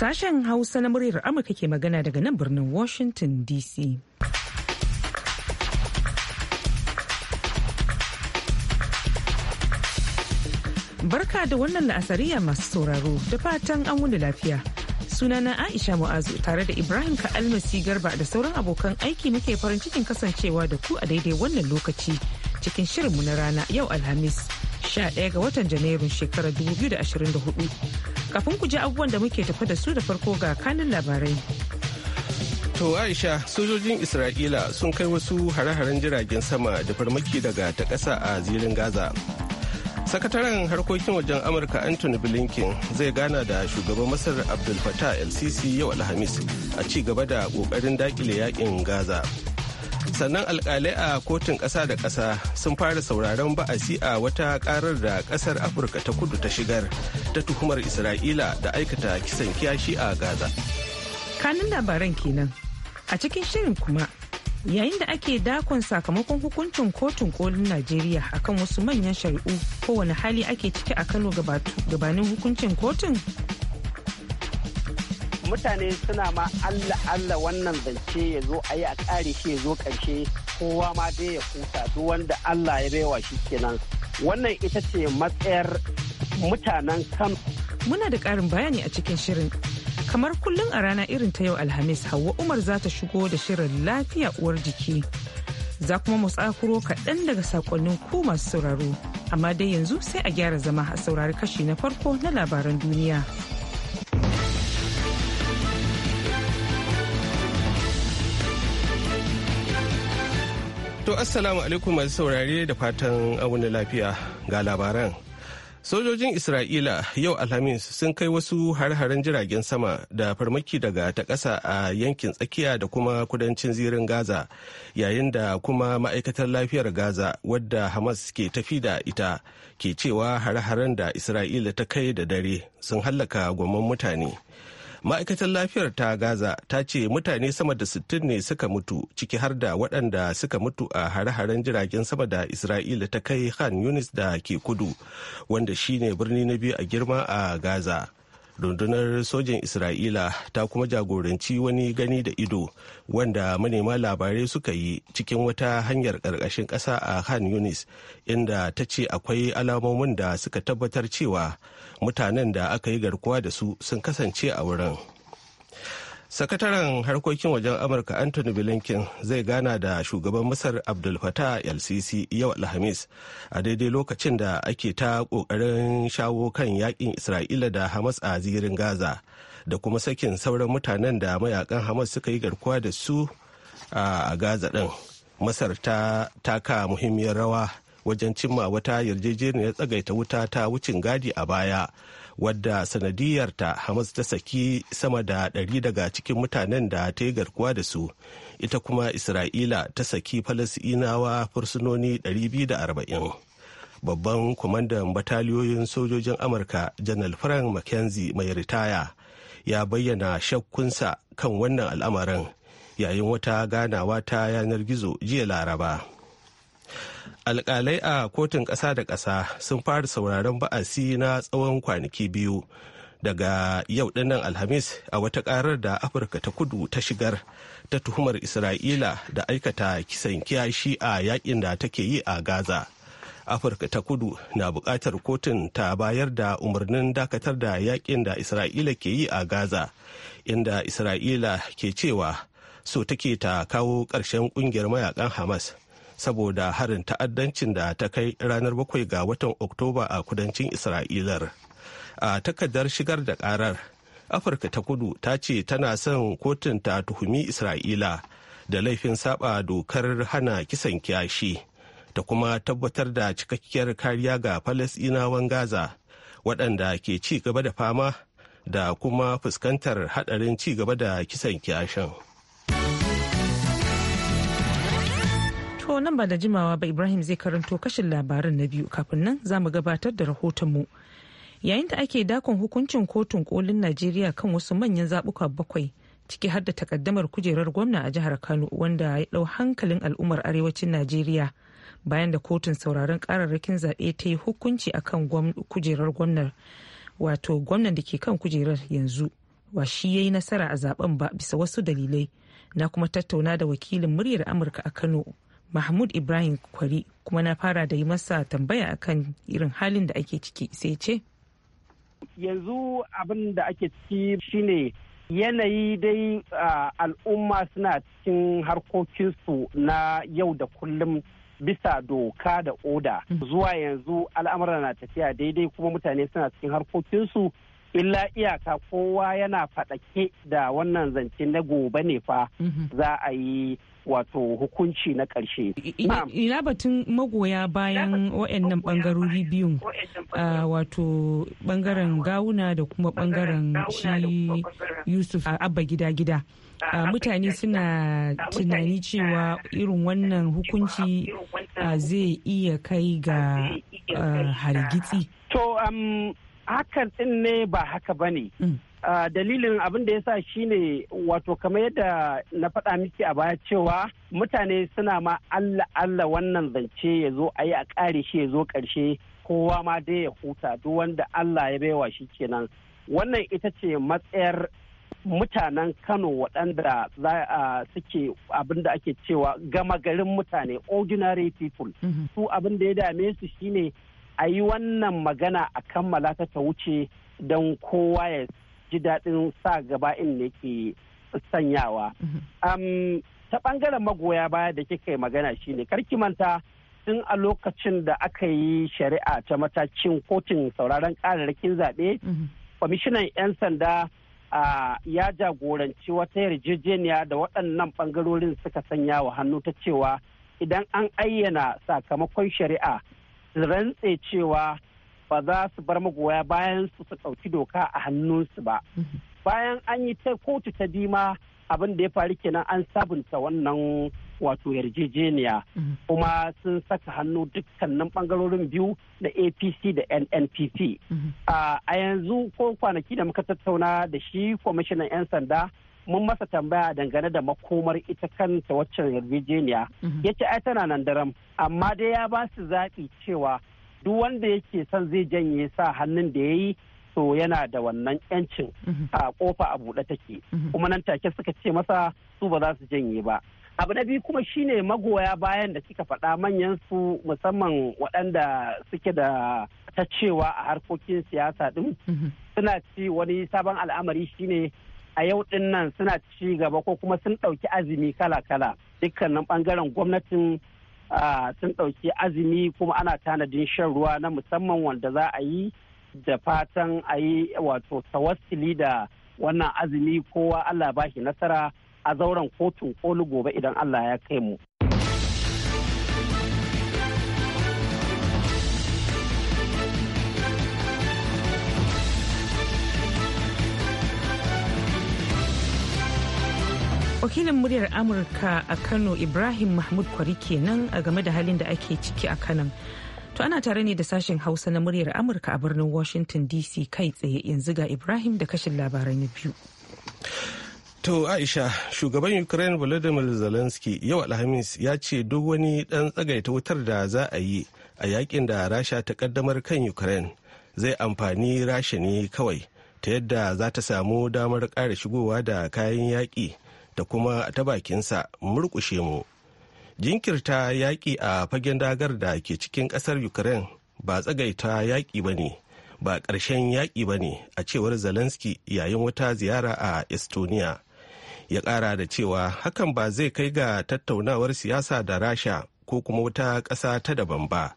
Sashen Hausa na muryar Amurka ke magana daga nan birnin Washington DC. Barka da wannan la'asariya masu sauraro da fatan an wuni lafiya. Sunana Aisha Mu'azu tare da Ibrahim Ka'almasi Garba da sauran abokan aiki muke farin cikin kasancewa da ku a daidai wannan lokaci cikin shirinmu na rana yau Alhamis 11 ga watan Janairun shekarar 2024. Kafin ku ji abubuwan da muke tafi da su da farko ga kanin labarai. To Aisha, sojojin Isra'ila sun kai wasu hare-haren jiragen sama da farmaki daga ta ƙasa a zirin Gaza. Sakataren harkokin wajen Amurka Anthony Blinken zai gana da shugaban Masar Abdul Fattah El-Sisi yau Alhamis a ci gaba da ƙoƙarin daƙile yaƙin Gaza. sannan alkalai a kotun ƙasa da ƙasa sun fara sauraron ba'asi a wata karar da ƙasar afirka ta kudu ta shigar ta tuhumar isra'ila da aikata kisan kiyashi a gaza kanun labaran kenan a cikin shirin kuma yayin da ake dakon sakamakon hukuncin kotun kolin najeriya akan wasu manyan shari'u kowane hali ake ciki a kano gabanin hukuncin kotun mutane suna ma allah allah wannan zance ya zo a yi a ƙare shi ya zo ƙarshe kowa ma dai ya kusa duk wanda allah ya baiwa shi kenan wannan ita ce matsayar mutanen kan muna da ƙarin bayani a cikin shirin kamar kullum a rana irin ta yau alhamis hawa umar za ta shigo da shirin lafiya uwar jiki za kuma mu tsakuro kaɗan daga sakonnin ku masu sauraro amma dai yanzu sai a gyara zama a saurari kashi na farko na labaran duniya. To assalamu alaikum masu saurare da fatan wani lafiya ga labaran. Sojojin Isra'ila yau Alhamis sun kai wasu har-haren jiragen sama da farmaki daga ta ƙasa a yankin tsakiya da kuma kudancin zirin Gaza yayin da kuma ma'aikatar lafiyar Gaza wadda Hamas ke tafi da ita ke cewa har-haren da Isra'ila ta kai da dare sun hallaka gwamnan mutane. ma'aikatar lafiyar ta gaza ta ce mutane sama da 60 ne suka mutu ciki har da waɗanda suka mutu a hare-haren jiragen sama da isra'ila ta kai khan yunis da ke kudu wanda shine birni na biyu a girma a gaza rundunar sojin isra'ila ta kuma jagoranci wani gani da ido wanda manema labarai suka yi cikin wata hanyar ƙarƙashin ƙasa a khan yunis inda ta ce akwai alamomin da suka tabbatar cewa mutanen da aka yi garkuwa da su sun kasance a wurin. sakataren harkokin wajen amurka anthony blinken zai gana da shugaban masar abdul fatah el yau alhamis a daidai lokacin da ake ta kokarin shawo kan yakin isra'ila da hamas a zirin gaza da kuma sakin sauran mutanen da mayakan hamas suka yi garkuwa da su a gaza din masar ta taka muhimmiyar rawa wajen cimma wata yarjejeniyar tsagaita wuta ta wucin gadi a baya wadda sanadiyarta hamas ta saki sama da ɗari daga cikin mutanen da ta yi garkuwa da su ita kuma isra'ila ta saki falasinawa fursunoni 240 babban kwamandan bataliyoyin sojojin amurka janar frank mckenzie mai ritaya ya bayyana shakkunsa kan wannan al'amarin yayin wata ganawa ta yanar gizo jiya laraba alkalai a kotun ƙasa da ƙasa sun fara sauraron ba'asi na tsawon kwanaki biyu daga yau dinnan alhamis a wata karar da afirka ta kudu ta shigar ta tuhumar isra'ila da aikata kisan kiyashi a yakin da take yi a gaza afirka ta kudu na buƙatar kotun ta bayar da umarnin dakatar da yakin da isra'ila ke yi a gaza inda isra'ila ke cewa so take ta kawo ƙarshen ƙungiyar mayakan hamas saboda harin ta'addancin da ta kai ranar bakwai ga watan oktoba a kudancin isra'ilar a takardar shigar da karar afirka ta kudu ta ce tana son kotun ta tuhumi isra'ila da laifin saba dokar hana kisan kyashi ta kuma tabbatar da cikakkiyar kariya ga falasinawan gaza waɗanda ke ci gaba da fama da kuma fuskantar haɗarin ci gaba da kisan kiyashin. To nan ba da jimawa ba Ibrahim zai karanto kashin labaran na biyu kafin nan za mu gabatar da rahotonmu. Yayin da ake dakon hukuncin kotun kolin Najeriya kan wasu manyan zabuka bakwai ciki har da takaddamar kujerar gwamna a jihar Kano wanda ya dau hankalin al'ummar arewacin Najeriya bayan da kotun sauraron kararrakin zaɓe ta yi hukunci akan kujerar gwamnar wato gwamnan da ke kan kujerar yanzu ba shi ya yi nasara a zaben ba bisa wasu dalilai na kuma tattauna da wakilin muryar Amurka a Kano mahmud ibrahim kwari kuma na fara da yi masa tambaya akan irin halin da ake ciki sai ce yanzu abin da ake ciki shine yanayi dai al'umma suna cikin harkokinsu na yau da kullum bisa doka da oda zuwa yanzu al'amura na tafiya daidai kuma mutane suna cikin harkokinsu illa iyaka kowa yana faɗake da wannan zance na gobe ne fa mhm. za a yi wato hukunci na ƙarshe. Ina batun magoya bayan waɗannan ɓangarori biyun ah, wato ɓangaren gawuna da kuma ɓangaren shi Yusuf ah, abba gida-gida. Ah, mutane suna tunani cewa irin wannan hukunci zai iya kai ga hargitsi. To, um, hakan ɗin ne ba haka ba ne. Mm. dalilin abin da ya sa shine wato kamar yadda na faɗa miki a baya cewa mutane suna ma Allah Allah wannan zance ya zo a yi a ƙare shi ya zo ƙarshe kowa ma dai ya huta duk wanda Allah ya baiwa shi kenan wannan ita ce matsayar mutanen Kano waɗanda suke abin da ake cewa gama garin mutane ordinary people mhm. su abin da ya dame su shine a yi wannan magana a kammala ta ta wuce don kowa ya ji daɗin sa gaba in ne ke sanyawa. ta ɓangaren magoya baya da kika yi magana shi shine karki manta tun a lokacin da aka yi shari'a ta matakin kotun sauraron ƙararrakin zaɓe kwamishinan 'yan sanda ya jagoranci wata yarjejeniya da waɗannan ɓangarorin suka sanya wa hannu ta cewa idan an ayyana sakamakon shari'a rantse cewa ba za su bar magoya bayan su su ɗauki doka a hannunsu ba bayan an yi ta kotu ta dima abin da ya faru kenan an sabunta wannan wato yarjejeniya kuma sun saka hannu dukkanin bangarorin biyu na apc da nnpp a yanzu ko kwanaki da muka tattauna da shi kwamishinan 'yan sanda mun masa tambaya dangane da makomar ita kanta waccan yarjejeniya mhm. ya ce ai tana nan daram amma dai ya ba su zaɓi cewa duk wanda yake son zai janye sa hannun da ya yi so yana da wannan yancin mhm. a kofa a buɗe take mhm. kuma nan take suka ce masa su ba za su janye ba abu na biyu kuma shine magoya bayan da kika faɗa manyan su musamman waɗanda suke da ta cewa a harkokin siyasa ɗin mhm. suna ci wani sabon al'amari shine a yau ɗin nan suna ci gaba ko kuma sun ɗauki azumi kala-kala dukkanin ɓangaren gwamnatin sun ɗauki azumi kuma ana tanadin shan ruwa na musamman wanda za a yi da fatan a yi wato tawassili da wannan azumi kowa Allah ba shi nasara a zauren kotun koli gobe idan Allah ya kai mu. wakilin muryar amurka a kano ibrahim mahmud kwari kenan a game da halin da ake ciki a kanan to ana tare ne da sashen hausa na muryar amurka a birnin washington dc kai tsaye yanzu ga ibrahim da kashin labarai na biyu To Aisha, shugaban Ukraine Volodymyr Zelensky yau Alhamis ya ce duk wani ɗan tsagaita wutar da za a yi a yakin da Rasha ta kaddamar kan Ukraine zai amfani Rasha ne kawai ta yadda za ta samu damar ƙara shigowa da kayan yaƙi da kuma ta bakinsa murkushe mu jinkirta yaƙi a fagen dagar da ke cikin ƙasar ukraine ba tsagaita yaƙi ba ne ba ƙarshen yaƙi ba ne a cewar zelensky yayin wata ziyara a estonia ya ƙara da cewa hakan ba zai kai ga tattaunawar siyasa da rasha ko kuma wata ƙasa ta daban ba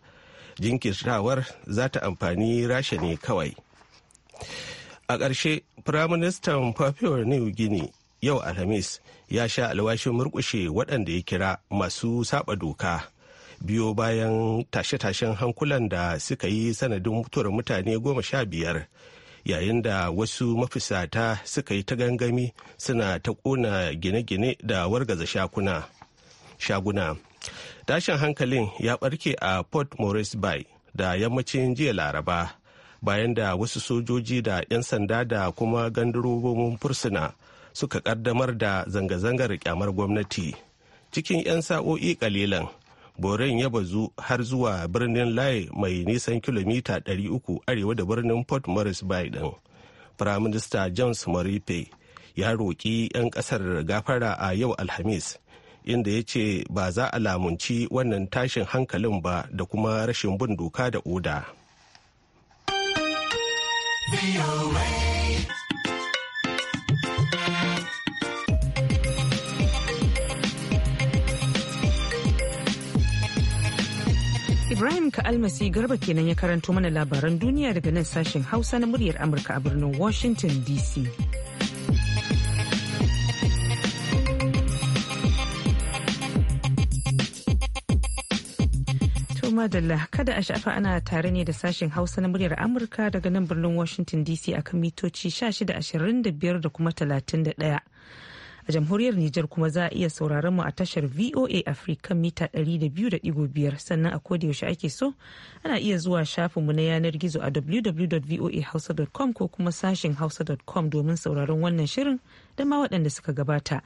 jinkirtawar za ta amfani rasha ne kawai a ƙarshe firaministan papua new guinea yau alhamis ya sha alwashin murkushe waɗanda ya kira masu saba doka biyo bayan tashe-tashen hankulan da suka yi sanadin mutuwar mutane goma sha biyar yayin da wasu mafisata suka yi ta gangami suna ta ƙona gine-gine da wargaza shakuna shaguna tashin hankalin ya ɓarke a port morris bay da yammacin jiya laraba bayan da wasu sojoji da 'yan sanda da kuma gandurobin fursuna suka kaddamar da zanga-zangar kyamar gwamnati cikin 'yan sa'o'i kalilan boren ya bazu har zuwa birnin lai mai nisan kilomita 300 arewa da birnin port morris biden firaminista james moripe ya roƙi 'yan ƙasar gafara a yau alhamis inda ya ce ba za a lamunci wannan tashin hankalin ba da kuma rashin bin doka da oda. Ibrahim Kalmasi Garba kenan ya karanto mana labaran duniya daga nan sashen Hausa na muryar Amurka a birnin Washington DC. madalla kada a shafa ana tare ne da sashen hausa na muryar amurka daga nan birnin washington dc a kan mitoci 1625 da kuma 31 a jamhuriyar Nijar kuma za a iya sauraron mu a tashar VOA Africa mita 200.5 sannan a koda yaushe ake so ana iya zuwa shafinmu na yanar gizo a www.voahausa.com ko kuma sashin hausa.com domin sauraron wannan shirin da ma waɗanda suka gabata.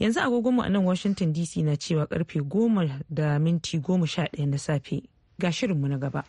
Yanzu agogonmu a nan Washington DC na cewa karfe 10 da minti 11 na safe ga shirinmu na gaba.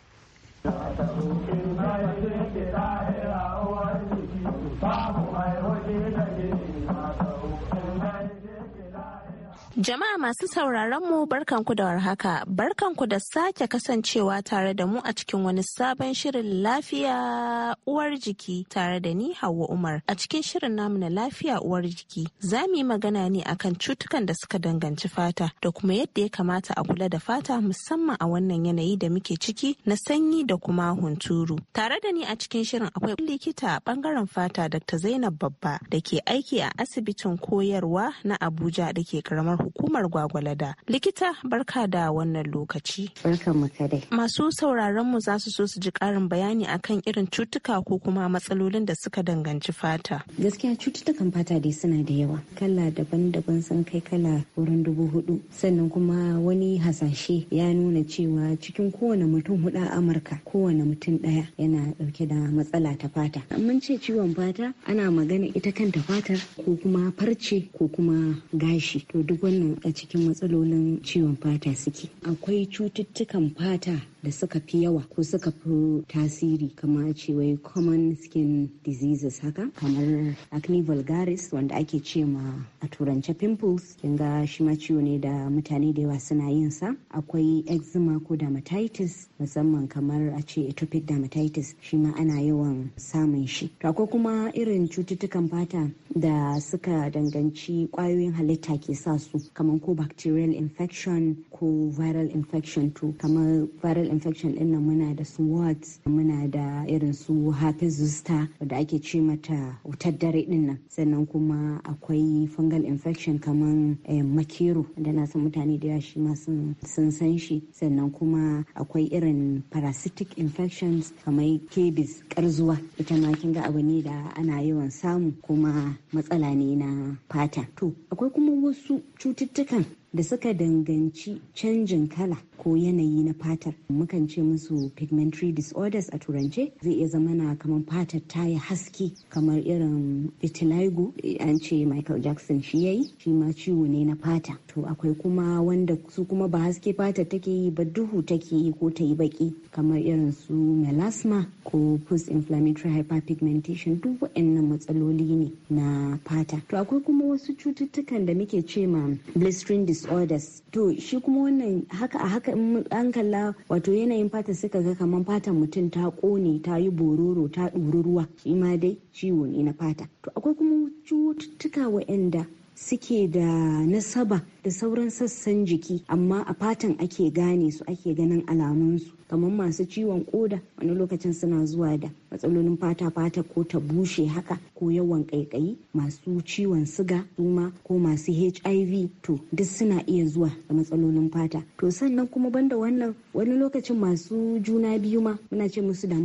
Jama'a masu sauraron mu barkanku da warhaka, barkanku da sake kasancewa tare da mu a cikin wani sabon shirin lafiya uwar jiki tare da ni Hauwa Umar. A cikin shirin namu na lafiya uwar jiki, za mu yi magana ne akan cutukan da suka danganci fata da kuma yadda ya kamata a kula da fata musamman a wannan yanayi da muke ciki na sanyi da kuma hunturu. Tare da ni a cikin shirin akwai likita a bangaren fata Dr. Zainab Babba da ke aiki a asibitin koyarwa na Abuja da ke karamar hukumar Gwagwalada. Likita barka da wannan lokaci. Masu sauraron mu za su so su ji karin bayani akan irin cutuka ko kuma matsalolin da suka danganci fata. Gaskiya cututtukan fata dai suna da yawa. Kala daban-daban sun kai kala wurin dubu hudu. Sannan kuma wani hasashe ya nuna cewa cikin kowane mutum hudu a Amurka kowane mutum daya yana dauke da matsala ta fata. Mun ce ciwon fata ana magana ita kanta fatar ko kuma farce ko kuma gashi. To duk wannan a cikin matsalolin ciwon fata suke akwai cututtukan fata da suka fi yawa ko suka fi tasiri kamar ce wai common skin diseases haka kamar acne vulgaris wanda ake ce ma a turance pimples kin ga shi ma ciwo ne da mutane da yawa suna yin sa akwai eczema ko dermatitis musamman kamar a ce atopic dermatitis shi ma ana yawan samun shi to akwai kuma irin cututtukan fata da suka danganci kwayoyin halitta ke sa su kamar ko bacterial infection ko viral infection to kamar viral infection din muna da su wards muna da irin su herpes zuster da ake ce mata wutar dare din nan sannan kuma akwai fungal infection kaman eh, makero da na san mutane da yashi shi ma sun san shi sannan kuma akwai irin parasitic infections kamar kebis karzuwa ita ma kin ga abu ne da ana yawan samu kuma matsala ne na fata to akwai kuma wasu cututtukan da suka danganci canjin kala ko yanayi na fatar mukan ce musu pigmentary disorders a turance zai iya zama na kamar fatar ta yi haske kamar irin vitiligo an ce michael jackson shi yayi shi ma ciwo ne na fata to akwai kuma wanda su kuma ba haske fatar take yi ba duhu take yi ko ta yi baki kamar irin su melasma ko post inflammatory hyperpigmentation duk wa'annan matsaloli ne na fata to akwai kuma wasu cututtukan da muke ce ma blistering disorders to shi kuma wannan haka a haka an kalla wato yanayin fata suka ga kamar fatan mutum ta kone ta yi bororo ta ɗori ruwa shi ma dai ciwo ne na fata to akwai kuma cututtuka waɗanda suke da nasaba da sauran sassan jiki amma a fatan ake gane su ake ganin alamunsu kamar masu ciwon koda wani lokacin suna zuwa da matsalolin fata-fata ko ta bushe haka ko yawan ƙaiƙayi masu ciwon siga suma ko masu hiv to duk suna iya zuwa da matsalolin fata to sannan kuma banda wannan wani lokacin masu juna biyu ma muna ce musu da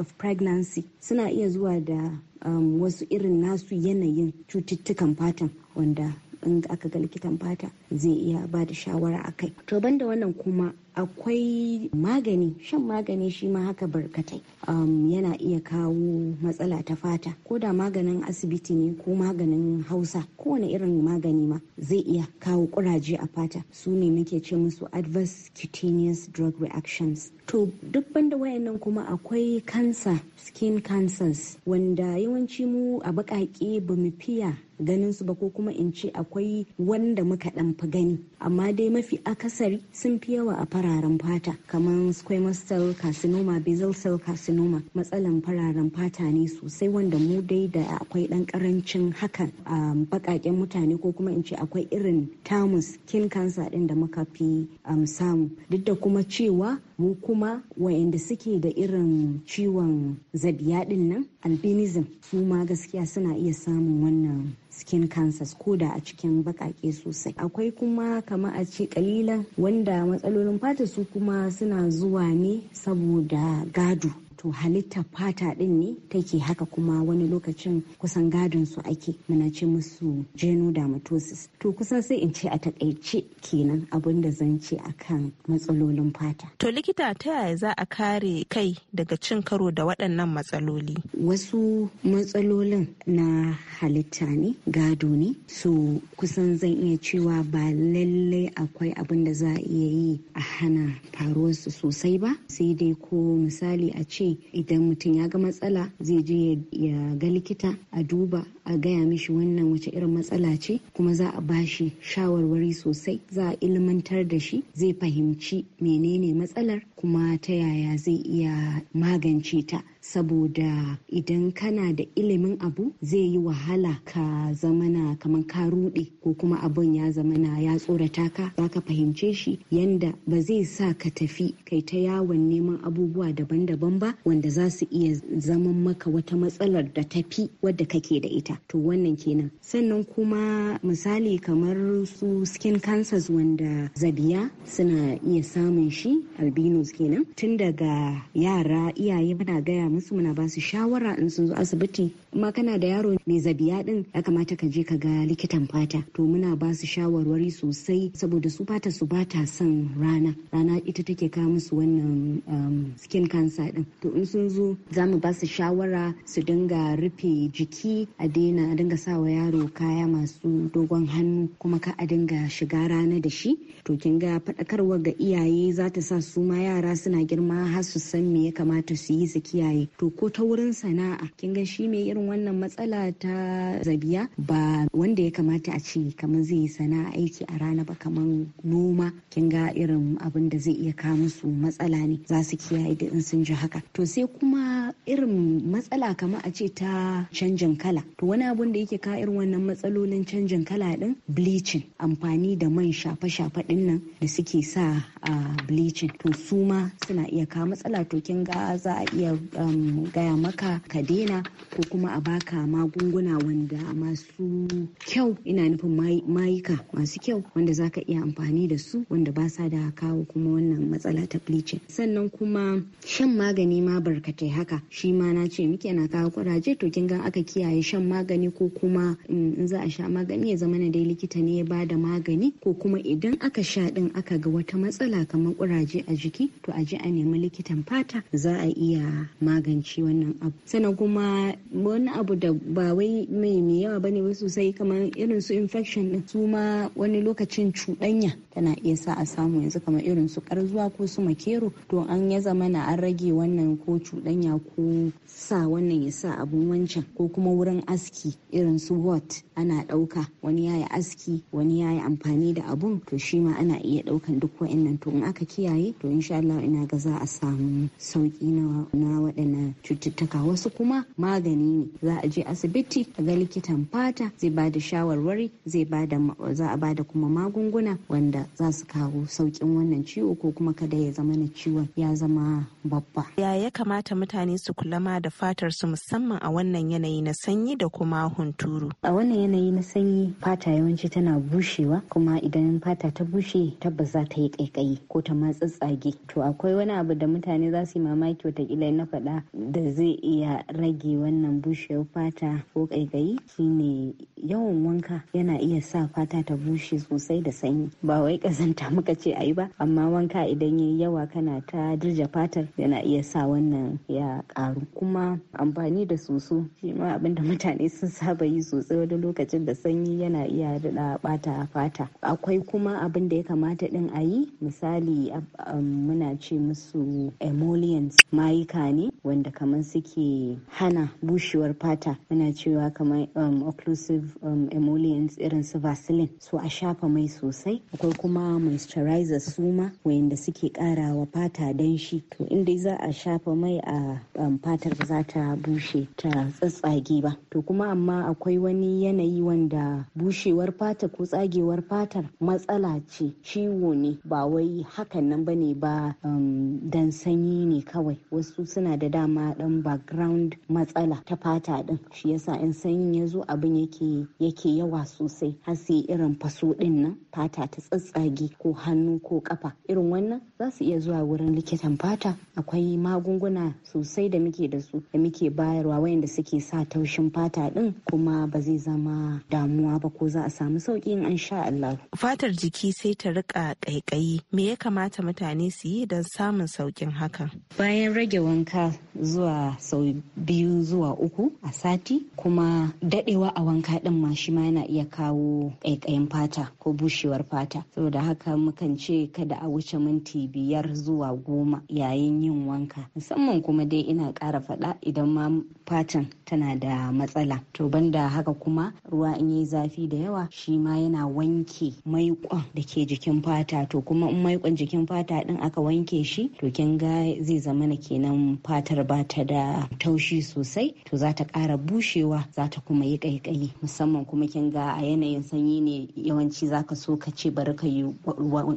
of pregnancy suna iya zuwa da um, wasu irin nasu yanayin cututtukan fatan wanda in aka ga likitan fata zai iya ba da shawara a kai to banda wannan kuma akwai magani shan magani shi ma haka barkatai um, yana iya kawo matsala ta fata ko da maganin asibiti ne ko maganin hausa kowane irin magani ma zai iya kawo kuraje a fata su ne muke ce musu adverse cutaneous drug reactions to duk banda wayannan kuma akwai cancer, skin cancers wanda yawanci mu a baƙaƙe ba mu fiya ganin su ba ko kuma in ce akwai wanda muka ɗanfi fi gani amma dai mafi akasari sun fi yawa a fara fararen fata kamar squamous cell carcinoma basal cell carcinoma matsalan fararen fata ne sosai wanda mu dai da akwai dan karancin hakan a bakaken mutane ko kuma in ce akwai irin tamu skin cancer din da muka fi um, samu duk da kuma cewa mu kuma wayanda suke da irin ciwon zabiya din nan albinism su ma gaskiya suna iya samun wannan skin cancers ko da a cikin bakake sosai akwai kuma kama a ce kalilan wanda matsalolin fata su kuma suna zuwa ne saboda gado to halitta fata din ne take haka kuma wani lokacin kusan gadon su ake muna ce musu genodermatosis to kusan sai in ce a takaice kenan abin da zan ce akan matsalolin fata to likita ta yaya za a kare kai daga cin karo da waɗannan matsaloli wasu matsalolin na halitta ne gado ne so kusan zan iya cewa ba lallai akwai abin da za a iya yi a hana faruwarsu sosai ba sai dai ko misali a ce ce idan mutum ya ga matsala zai je ya ga likita a duba a gaya mishi wannan wace irin matsala ce kuma za a ba shi shawarwari sosai za a ilmantar da shi zai fahimci menene matsalar kuma ta yaya zai iya magance ta saboda idan kana da ilimin abu zai yi wahala ka zamana kamar ka rude ko kuma abun ya zamana ya tsorata ka zaka fahimce shi yanda ba zai sa ka tafi kai ta yawon neman abubuwa daban-daban ba wanda za su iya zaman maka wata matsalar da tafi wadda kake da ita to wannan kenan sannan kuma misali kamar su skin cancers wanda zabiya suna iya samun shi albinos kenan tun daga yara iyaye muna gaya musu muna ba su shawara in sun zo asibiti ma kana da yaro mai zabiya din ya kamata ka je ka ga likitan fata to muna ba su shawarwari sosai saboda su fata su ba ta son rana rana ita take kawo musu wannan um, skin cancer din to in sun zo za mu ba su shawara su dinga rufe jiki a daina a dinga sa wa yaro kaya masu dogon hannu kuma ka a dinga shiga rana da shi to kin ga faɗakarwa ga iyaye za ta sa su ma yara suna girma har su san me ya kamata su yi su kiyaye to ko ta wurin sana'a kin ga shi me irin wannan matsala ta zabiya ba wanda ya kamata a ce kamar zai yi sana'a aiki a rana ba kamar noma kin ga irin abin da zai iya kawo musu matsala ne za su kiyaye da in sun ji haka to sai kuma irin matsala kamar a ce ta canjin kala to wani abun da yake ka irin wannan matsalolin canjin kala din bleaching amfani da man shafe-shafe din da suke sa a bleaching to su ma suna iya ka matsala to kin ga za a iya um, gaya maka ka daina ko kuma a baka magunguna wanda masu kyau ina nufin mayuka masu kyau wanda za ka iya amfani da su wanda ba sa da kawo kuma wannan matsala ta bleaching sannan kuma shan magani ma barkatai haka shi ma na ce muke na kawo kuraje to kin ga aka kiyaye shan magani ko kuma mm, in za a sha magani ya zama na dai likita ne ya ba da magani ko kuma idan aka sha din aka ga wata matsala kamar kuraje a jiki to a ji a nemi likitan fata za a iya magance wannan abu sannan kuma wani abu da ba wai mai yawa bane ba sosai kamar irin su infection din su ma wani lokacin cuɗanya tana iya sa a samu yanzu kamar irin su karzuwa ko su makero to an ya zama an rage wannan ko cuɗanya ko sa wannan ya sa abun wancan ko kuma wurin aski irin su wat ana ɗauka wani ya yi aski wani ya yi amfani da abun to shi ma ana iya ɗaukan duk wa'annan to in aka kiyaye to insha Allah ina ga za a samu sauki na waɗannan cututtuka wasu kuma magani ne za a je asibiti a ga likitan fata zai ba da shawarwari zai ba da za a ba da kuma magunguna wanda za su kawo sauƙin wannan ciwo ko kuma kada ya zama na ciwon ya zama babba. Ya ya kamata mutane su kula ma da fatar su musamman a wannan yanayi na sanyi da kuma hunturu. A wannan yanayi na sanyi fata yawanci tana bushewa kuma idan fata ta bushe tabbas za ta yi ƙaiƙayi ko ta ma tsatsage. To akwai wani abu da mutane za su yi mamaki watakila na faɗa da zai iya rage wannan bushewar fata ko kaikayi shine yawan wanka yana iya sa fata ta bushe sosai da sanyi ba wai bai kazanta muka ce ayi ba amma wanka idan yayi yawa kana ta dirja fatar yana iya sa wannan ya karu kuma amfani da soso shi ma abinda mutane sun saba yi sosai wani lokacin da sanyi yana iya daɗa bata fata akwai kuma abin da ya kamata din a yi misali muna ce musu emollients mayuka ne wanda kamar suke hana bushewar fata muna cewa kamar occlusive emollients irin su vaseline su a shafa mai sosai akwai kuma moisturizer suma wayanda suke karawa fata danshi to inda za a shafa mai a um, fatar ba za ta bushe ta tsatsage ba to kuma amma akwai wani yanayi wanda bushewar fata ko tsagewar fatar matsala ce ciwo ne ba wai hakan nan ba ne ba um, dan sanyi ne kawai wasu suna da dama dan background matsala ta fata din shi yasa in sanyin ya zo abin yake yake yawa sosai har sai irin faso din nan fata ta tsatsa tsagi ko hannu ko kafa irin wannan za su iya zuwa wurin likitan fata akwai magunguna sosai da muke da su da muke bayarwa wayanda suke sa taushin fata din kuma ba zai zama damuwa ba ko za a samu sauki in an sha Allah fatar jiki sai ta rika kaikayi me ya kamata mutane su yi don samun saukin hakan bayan rage wanka zuwa sau biyu zuwa uku a sati kuma dadewa a wanka din ma shi ma yana iya kawo kaikayin fata ko bushewar fata da haka mukan ce kada a wuce minti biyar zuwa goma yayin yin wanka musamman kuma dai ina ƙara faɗa idan ma fatan tana da matsala to banda haka kuma ruwa in yi zafi da yawa shi ma yana wanke maiƙon da ke jikin fata to kuma in maiƙon jikin fata ɗin aka wanke shi to kin ga zai zama na kenan fatar ba ta da taushi sosai to za ta ƙara bushewa za ta kuma yi ƙaiƙayi musamman kuma kin ga a yanayin sanyi ne yawanci zaka so ka ce bari ka ka yi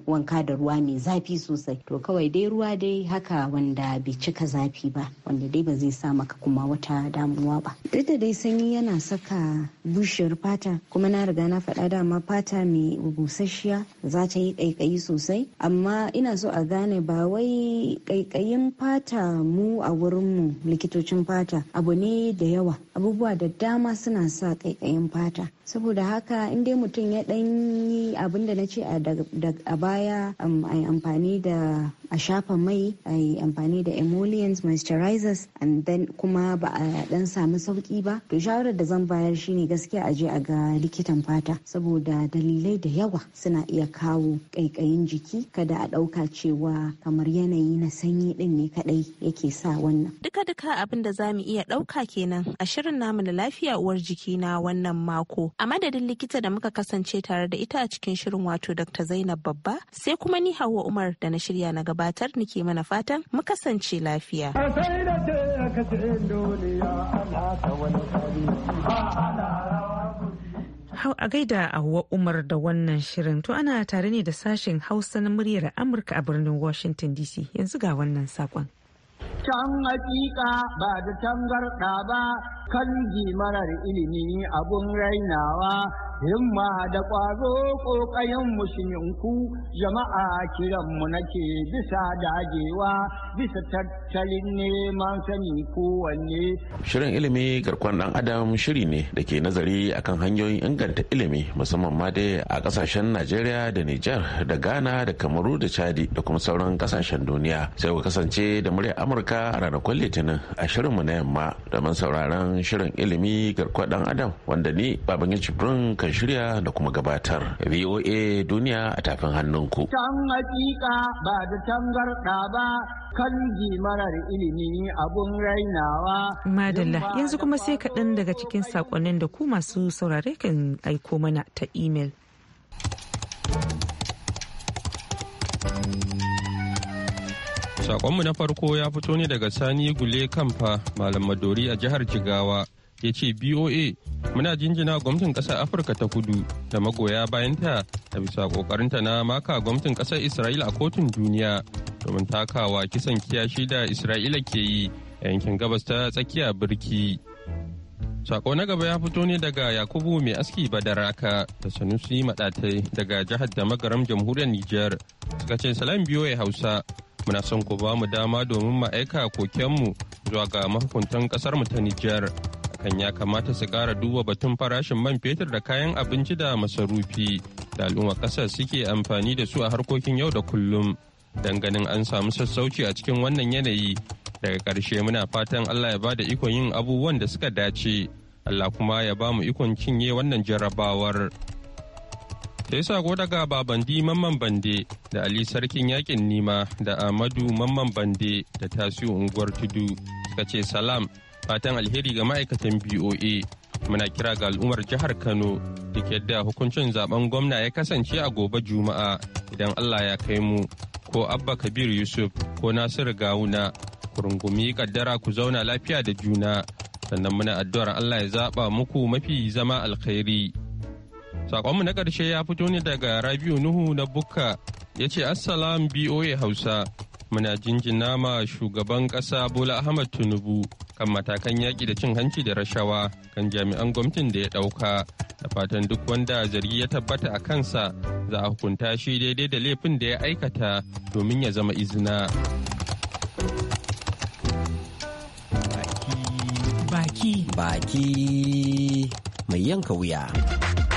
wanka da ruwa mai zafi sosai to kawai dai ruwa dai haka wanda bai cika zafi ba wanda dai ba zai sa maka kuma wata damuwa ba duk da dai sanyi yana saka bushiyar fata kuma na riga na faɗa dama fata mai busasshiya za ta yi ƙaiƙayi sosai amma ina so a gane ba wai ƙaiƙayin fata mu a wurin mu likitocin fata abu ne da yawa abubuwa da dama suna sa ƙaiƙayin fata saboda haka in dai mutum ya dan yi abin da na ce a baya um, a amfani da a shafa mai a yi amfani da emollients moisturizers and then kuma ba a dan samu sauki ba to shawarar da zan bayar shine gaskiya a je a ga likitan fata saboda dalilai da yawa suna iya kawo kaikayin jiki kada a ɗauka cewa kamar yanayi na sanyi ɗin ne kadai yake sa wannan duka duka abin da mu iya ɗauka kenan a shirin namu na lafiya uwar jiki na wannan mako a madadin likita da muka kasance tare da ita a cikin shirin wato Dr. Zainab Babba sai kuma ni Hauwa Umar da na shirya na gabatar nike mana fatan mu kasance lafiya. Hau a gaida a Hauwa Umar da wannan shirin to ana tare ne da sashen Hausa na muryar Amurka a birnin Washington DC yanzu ga wannan sakon. Can hakika ba da tangarɗa ba kalji marar ilimi abun rainawa himma da ƙwazo ƙoƙayen musulunku jama'a kiranmu nake bisa dagewa bisa tattalin neman sani kowanne. Shirin ilimi garkon ɗan adam shiri ne da ke nazari akan hanyoyin inganta ilimi musamman ma dai a ƙasashen Najeriya da Nijar da Ghana da Kamaru da Chadi da kuma sauran kasashen duniya. Sai ku kasance da muryar Amurka a ranakun Litinin a shirin mu na yamma domin sauraron shirin ilimi garkuwa dan adam wanda ni baban jibrin kan shirya da kuma gabatar voa duniya a tafin hannunku can hakika ba da tangarda ba kan marar ilimi abun rainawa madalla yanzu kuma sai kaɗan daga cikin sakonnin da ku masu saurare kan aiko mana ta imel. Sakonmu na farko ya fito ne daga Sani Gule Kamfa, Malam Madori a jihar Jigawa, ya ce BOA muna jinjina gwamnatin ƙasar Afirka ta kudu da magoya bayanta da bisa ƙoƙarinta na maka gwamnatin ƙasar Isra'ila a kotun duniya domin takawa kisan kiyashi da Isra'ila ke yi a yankin gabas ta tsakiya birki. Sako na gaba ya fito ne daga Yakubu Mai Aski Badaraka da Sanusi Maɗatai daga jihar da magaram jamhuriyar Nijar suka ce salam biyo Hausa muna son ku ba mu dama domin mu ma'aika kokenmu zuwa ga mahukuntan mu ta Nijar. kan ya kamata su ƙara duba batun farashin man fetur da kayan abinci da masarufi da al'umma kasar suke amfani da su a harkokin yau da kullum. Danganin an samu sassauci a cikin wannan yanayi daga ƙarshe muna fatan Allah ya ba da ikon yin abubuwan da suka dace. Allah kuma ya ba mu ikon cinye wannan jarabawar. sai sako daga babandi mamman bande da ali sarkin yakin nima da amadu mamman bande da tasiu unguwar tudu suka ce salam fatan alheri ga ma'aikatan boa muna kira ga al'ummar jihar kano duk yadda hukuncin zaben gwamna ya kasance a gobe juma'a idan allah ya kai mu ko abba kabir yusuf ko nasiru gawuna kurungumi kaddara ku zauna lafiya da juna sannan muna addu'ar allah ya zaba muku mafi zama alkhairi Sakonmu na ƙarshe ya fito ne daga Rabiu Nuhu na Bukka ya ce Assalam BOA Hausa. Muna jinjina ma shugaban ƙasa Bola Ahmad Tinubu kan matakan yaƙi da cin hanci da rashawa kan jami'an gwamnatin da ya ɗauka. Da fatan duk wanda zargi ya tabbata a kansa za a hukunta shi daidai da laifin da ya aikata domin ya zama izina. Baki. Baki. Baki. Mai yanka wuya.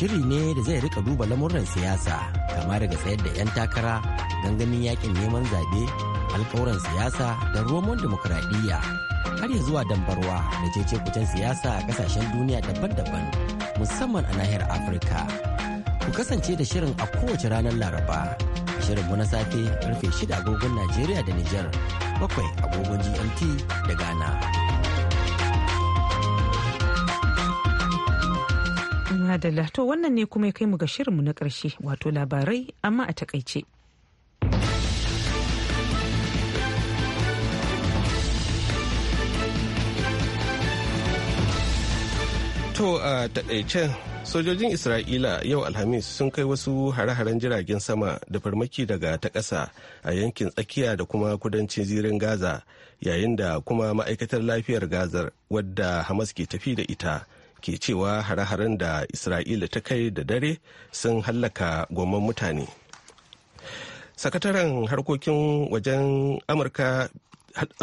shiri ne da zai rika duba lamuran siyasa kama daga tsayar da 'yan takara gangamin yakin neman zaɓe alkawuran siyasa da romon demokuraɗiyya har ya zuwa dambarwa da cece kucin siyasa a ƙasashen duniya daban-daban musamman a nahiyar afirka ku kasance da shirin a kowace ranar laraba shirin mu na safe karfe shida agogon najeriya da niger bakwai agogon gmt da ghana da to wannan ne kuma ya kai mu ga shirinmu na ƙarshe wato labarai amma a takaice. To a takaice sojojin Isra'ila yau Alhamis sun kai wasu hare-haren jiragen sama da farmaki daga ta ƙasa a yankin tsakiya da kuma kudancin zirin Gaza yayin da kuma ma'aikatar lafiyar Gazar wadda Hamas ke tafi da ita ke cewa hare-haren da isra'ila ta kai da dare sun hallaka gomman mutane sakataren harkokin wajen amurka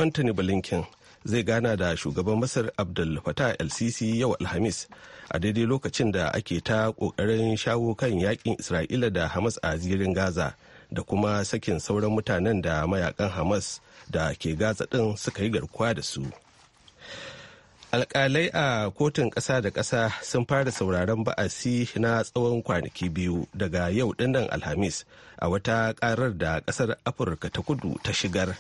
anthony blinken zai gana da shugaban masar abdul fatah el-sisi yau alhamis a daidai lokacin da ake ta kokarin shawo kan yakin isra'ila da hamas a zirin gaza da kuma sakin sauran mutanen da mayakan hamas da ke gaza din suka yi garkuwa da su alkalai a kotun ƙasa da ƙasa sun fara sauraron ba'asi na tsawon kwanaki biyu daga yau dinnan alhamis a wata karar da ƙasar afirka ta kudu ta shigar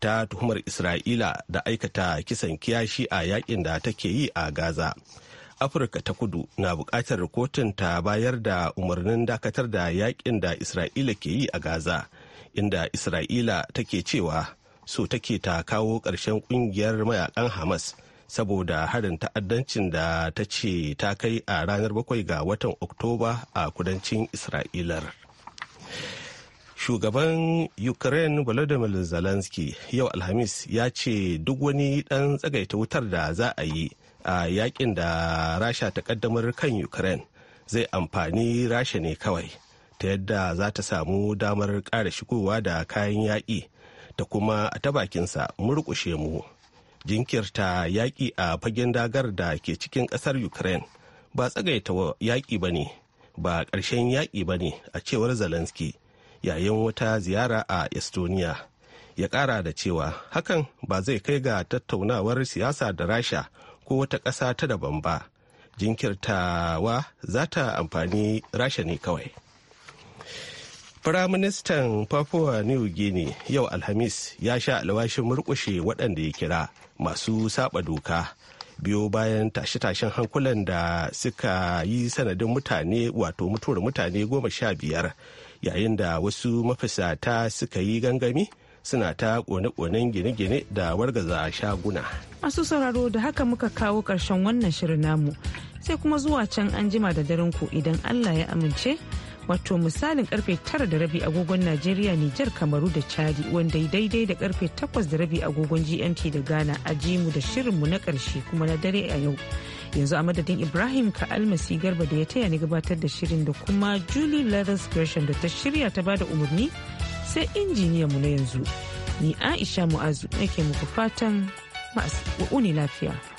ta tuhumar isra'ila da aikata kisan kiyashi a yakin da take yi a gaza afirka ta kudu na buƙatar kotun ta bayar da umarnin dakatar da yakin da isra'ila ke yi a gaza inda isra'ila take cewa so take ta kawo ƙarshen ƙungiyar mayakan hamas saboda harin ta'addancin da ta ce ta kai a ranar bakwai ga watan oktoba a kudancin isra'ilar shugaban ukraine volodymyr zelensky yau alhamis ya ce duk wani dan tsagaita wutar da za a yi a yakin da rasha ta kaddamar kan ukraine zai amfani rasha ne kawai ta yadda za ta samu damar ƙara shigowa da kayan yaƙi ta kuma a ta bakinsa murƙushe mu jinkirta yaƙi a fagen dagar da ke cikin ƙasar ukraine ba tsagaita yaƙi ba ne ba ƙarshen yaƙi ba ne a cewar zelensky yayin wata ziyara a estonia ya ƙara da cewa hakan ba zai kai ga tattaunawar siyasa da rasha ko wata ƙasa ta daban ba jinkirtawa za ta amfani rasha ne kawai Firaministan Papua New Guinea yau Alhamis ya sha alwashin murƙushe waɗanda ya kira masu saba doka biyo bayan tashe-tashen hankulan da suka yi sanadin mutane wato mutuwar mutane goma sha biyar yayin da wasu mafisata suka yi gangami suna ta kone-konen gine-gine da wargaza shaguna. Masu sauraro da haka muka kawo ƙarshen wannan shirin namu sai kuma zuwa can an jima da daren ku idan Allah ya amince wato misalin karfe tara da rabi agogon najeriya nijar kamaru da chadi wanda daidai da karfe takwas da rabi agogon gmt da ghana a jimu da shirin mu na karshe kuma na dare a yau yanzu a madadin ibrahim ka almasi garba da ya taya ni gabatar da shirin da kuma julie leathers gresham da ta shirya ta bada umarni sai injiniya mu na yanzu ni aisha mu'azu nake muku fatan ma'as lafiya.